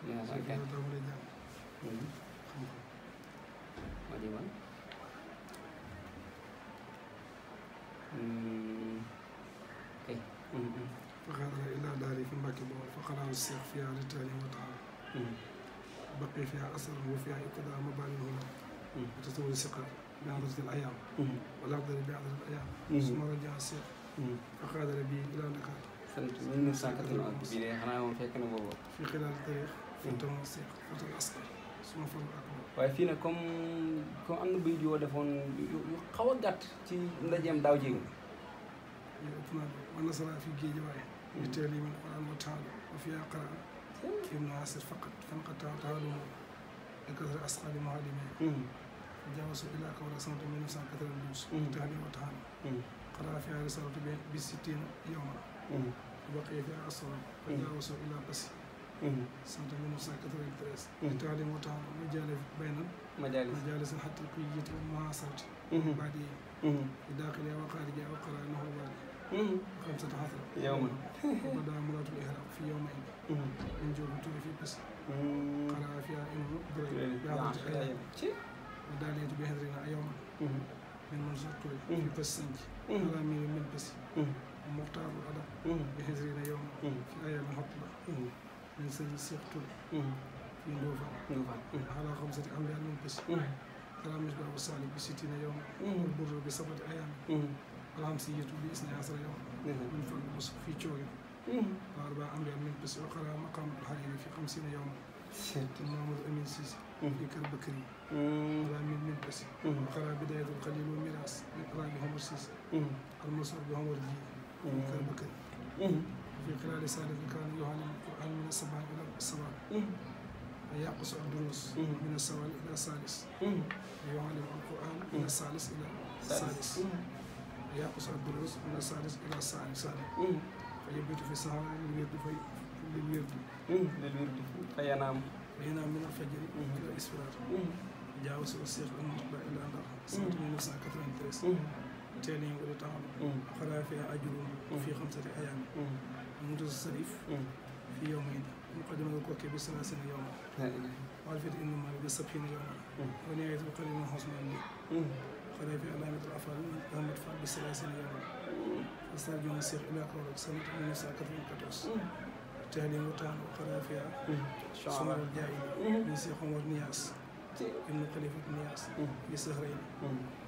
What فغادر إلى داري في المكتبة فقرأ السيخ فيها للتعليم والتعليم بقي فيها أسر وفيها إقدام مبالغ هنا وتطول الثقة بحضرة الأيام والأفضل بحضرة الأيام ثم رجع السيخ فغادر بي إلى نكهة فهمت من ساكت الأرض بلا هنا وفيك نبوة في خلال التاريخ fii tam mooy seex Fatou Askan suma fan ak moom. waaye fii nag comme comme am na béy yoo defoon yu xaw a gàtt ci ndajeem daaw jéeg. yow ëpp naa doon man nasaraa fi géej waaye. ñu hmm. teel yi man xoraan ba taalu ba fi yaa xaraan. kéem naa asir faqat fan ka taa taalu moom. ak asir asxaali muhaalimi. jaawasu ilaa kaw rek sant 1992. taali wa taali. xaraa fi hmm. yaa risalatu bi sittiina yowma. ba xëy fi yaa asxaali. jaawasu ilaa basi. Mhm. sant 1993. di taalim wa taal ma jaale baynan. ma jaale ma jaale sa xatta kuy jiite maa sarti. Mhm. baal di yee. Mhm. di daaxil yaa wa xaarij yaa wa qaraa naxu baal. xam sa taxasara. yow ma ma bi xëy na yow min man sa bi xëy na fi ayaan xott la. من سيدي الشيخ تولي في نوفل على خمسة أميال من بس كلام مش بقى وصالي بستين يوم والبر بسبعة أيام والهمسية بإثنى عشر يوم من فوق الوصف في شوية وأربع أميال من بس وقرأ مقام الحريري في خمسين يوم محمد أمين سيسي في كربكري كلام من بس وقرأ بداية القليل والميراث من قراءة عمر سيسي المصور بعمر الجيل في كربكري في خلال رسالة كان يوحنا من السبع إلى السبع يعقص الدروس من السبع إلى الثالث يعلم القرآن من الثالث إلى الثالث يعقص الدروس من الثالث إلى الثالث فيبيت في السهرة للورد في للورد للورد فينام فينام من الفجر إلى الإسفار يجاوز الشيخ المقبى إلى النار سنة 1993 تاني ولا طعام أخرى فيها أجر في خمسة أيام منذ الصريف في يومين مقدمة الكوكب بثلاثين يوما وعرفت إنما بسبعين يوما ونهاية القليل حسن عندي خلال في علامة الأفعال محمد فعل بثلاثين يوما فاسترجع الشيخ إلى قولك سمت من ساكت من قدوس تهليم وطعن وقرافيا شعر الجاهل من سيخ ومرنياس ابن خليفة بن ياس لسهرين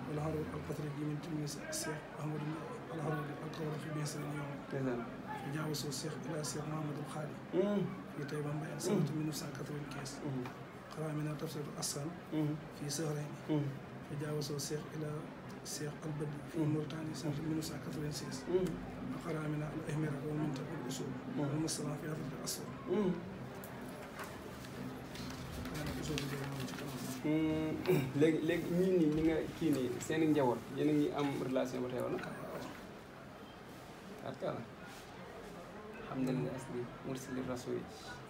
والهرول القتري من تلميذ الشيخ محمد الهرول في بيسرين يوم تجاوزوا الشيخ إلى الشيخ محمد الخالي في طيبة بين سنة من نفس القتري الكيس قرأ منها تفسير الأصل في سهرين تجاوزوا الشيخ إلى الشيخ البدي في موريتانيا سنة من نفس القتري الكيس وقرأ منها الأهمرة ومنتقى الأصول والمصطلح في هذا الأصل. Thank you. Mm, eh, léegi léegi ñii nii ñi nga kii nii seen i njaboot ngi am relation ba tey wala arkala alhamdulillah asli mursili rasul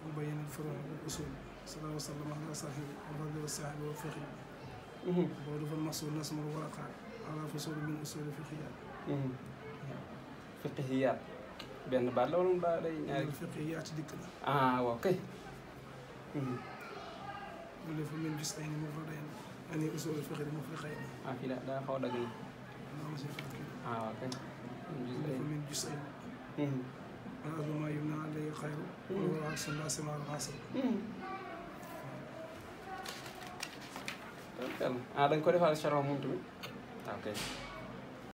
mubayyin al-furu' al-usul sallallahu sallam ala sahibi wa rabbi wa sahibi mm-hmm. wa fakhi wa dafa masul nasm al waraqa ala fusul min usul fiqhiyat mm-hmm. fiqhiyat benn baat la wala ba day ñaari fiqhiyat dikk la ah waaw kay mm-hmm. ولا في من جسدين مفردين أن يؤسوا الفخر مفرقين. آه في لا لا خوانا قلنا. آه أوكي. من جسدين. هذا ما يمنع عليه خير والعكس الناس مع الغاصب. ah da nga ko defal charo moom tamit. ok.